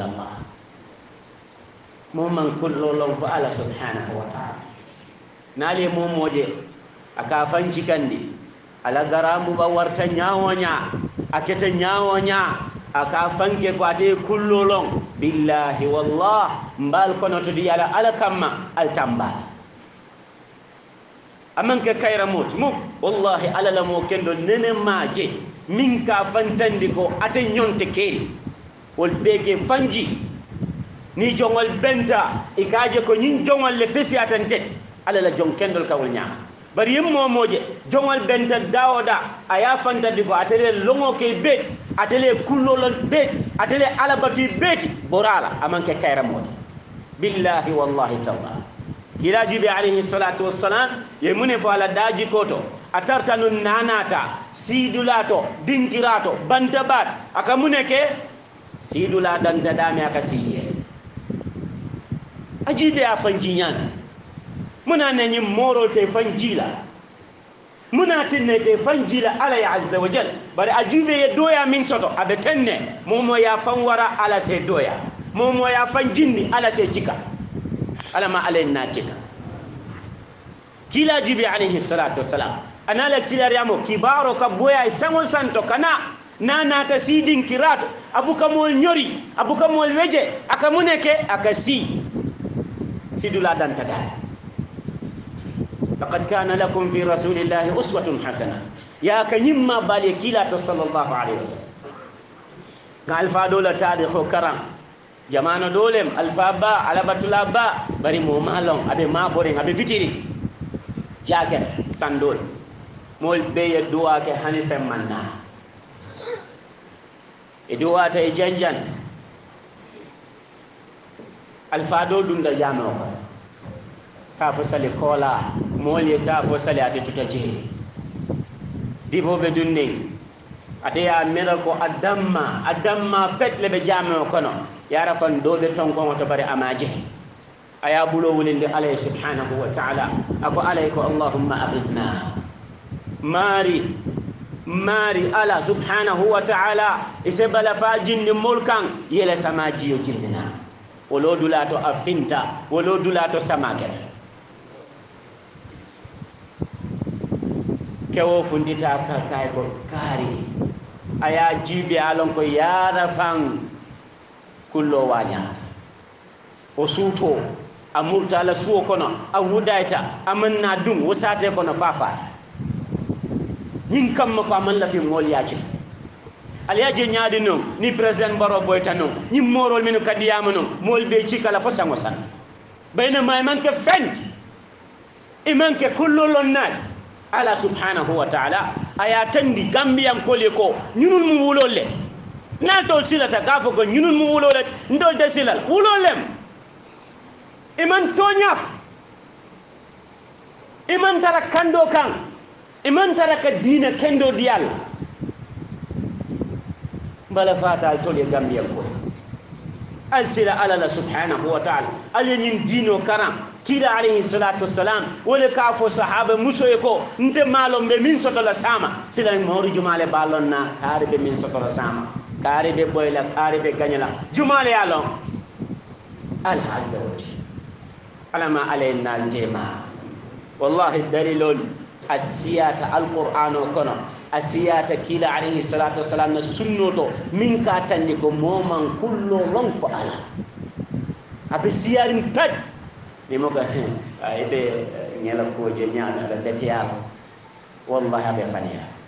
illa llah momman kulolon fo allah subhanahu wa taala naali momoje aka fanci kandi ala garambuɓa warta ñawoña a kete ñawoña aka fanke ko ate kullolon billahi wallah mbal kono to di ala ala kamma altambal amanke kayra moti mum wallahi alalamo kendo nenema je min ka fantandi ko ate ñonte keri wol beke fanji ni jongol benta e kaje ko nyin jongol le fesi atan tete ala la jong kendol kawol nyaama bari yim momoje jongol benta dawoda aya fantandi ko atele longo ke bet atele kullolol bet atele bati bet borala amanke kayra moto billahi wallahi tawla kilajiɓe alayhi salatu wassalam ye mune fo ala daji koto a tarta nanata sidulato to bantabat akamuneke aka sidula danta dame aka sije be a fanji ñaami muna nañin moro te fanji la muna ne te fanji la ala y'a azza wa jal bari be ya doya min soto abetenne momo ya fan wara ala se doya momo ya fan ala se cika ala ma ala na cika kila jibi alayhi salatu wassalam anala riamo kibaro ka boya santo kana nanata sidinkirato abukamol ñori abukamol weje aka muneke aka si sidula danta dala لقد كان لكم في رسول الله أسوة حسنة يا كنيما بالي كيلا صلى الله عليه وسلم قال فادولة تاريخ كرم جمانا دولم الفابا على بطلابا بري مو مالون أبي ما بورين أبي بيتيري جاكت سندول مول بي دواك هني فمنا eɗi wata yi janjanta alfaɗo ɗum da jamano ko safo sali kola mole e safo sali ate tuta jeeri diboɓe a ta yi mira ko a damma a damma petle ɓe jamano kono yara fan bari a maje bare ya aya wulin da alaye subhanahu wa taala ako alay ko allahumma abidna mari. mari ala subhanahu wa ta'ala ise bala fa jindi mulkan yele sama jiyo jindina wolo dulato afinta wolo dulato samaketa kewo fundita ka kay ko kari aya jibi alon ko ya fan kullo wanya. o suuto a murta suwo kono a amanna a manna dum wo kono fafata ñing kam ma ko amal la fi mol yaaji al yaaji nyaade no ni president baro boy tanu ñi morol minu kadi yamano mol be ci kala fo sango san bayna may man ke fent e man ke kullu lonnade ala subhanahu wa ta'ala aya tandi gambiyan kole ko ñunul mu wulol le na tol silata ka fo ko ñunul mu wulol le ndol de silal wulol lem e man toñaf e man tara kando kan إمان ترك الدين كندو ديال بلا فاتا تولي غامبيا كو السلا على الله سبحانه وتعالى الذي دين وكرم كلا عليه الصلاة والسلام ولكافو صحابة موسو يكو انت مالو بمين سوط الله ساما سلا موري جمالي بالونا نا كاري بمين سوط الله ساما كاري ببويلة كاري بغنيلة جمالي علوم الحزوج على ما علينا الجيمة والله الدليلون asiyata alqur'ano kono asiyata kila alayhi salatu wassalam na sunnoto min ka tanni ko moman kullo ron ko ala aɓe siyarin pat mo ka ite ko je nyaala da beteyala wallahi abe faniyaa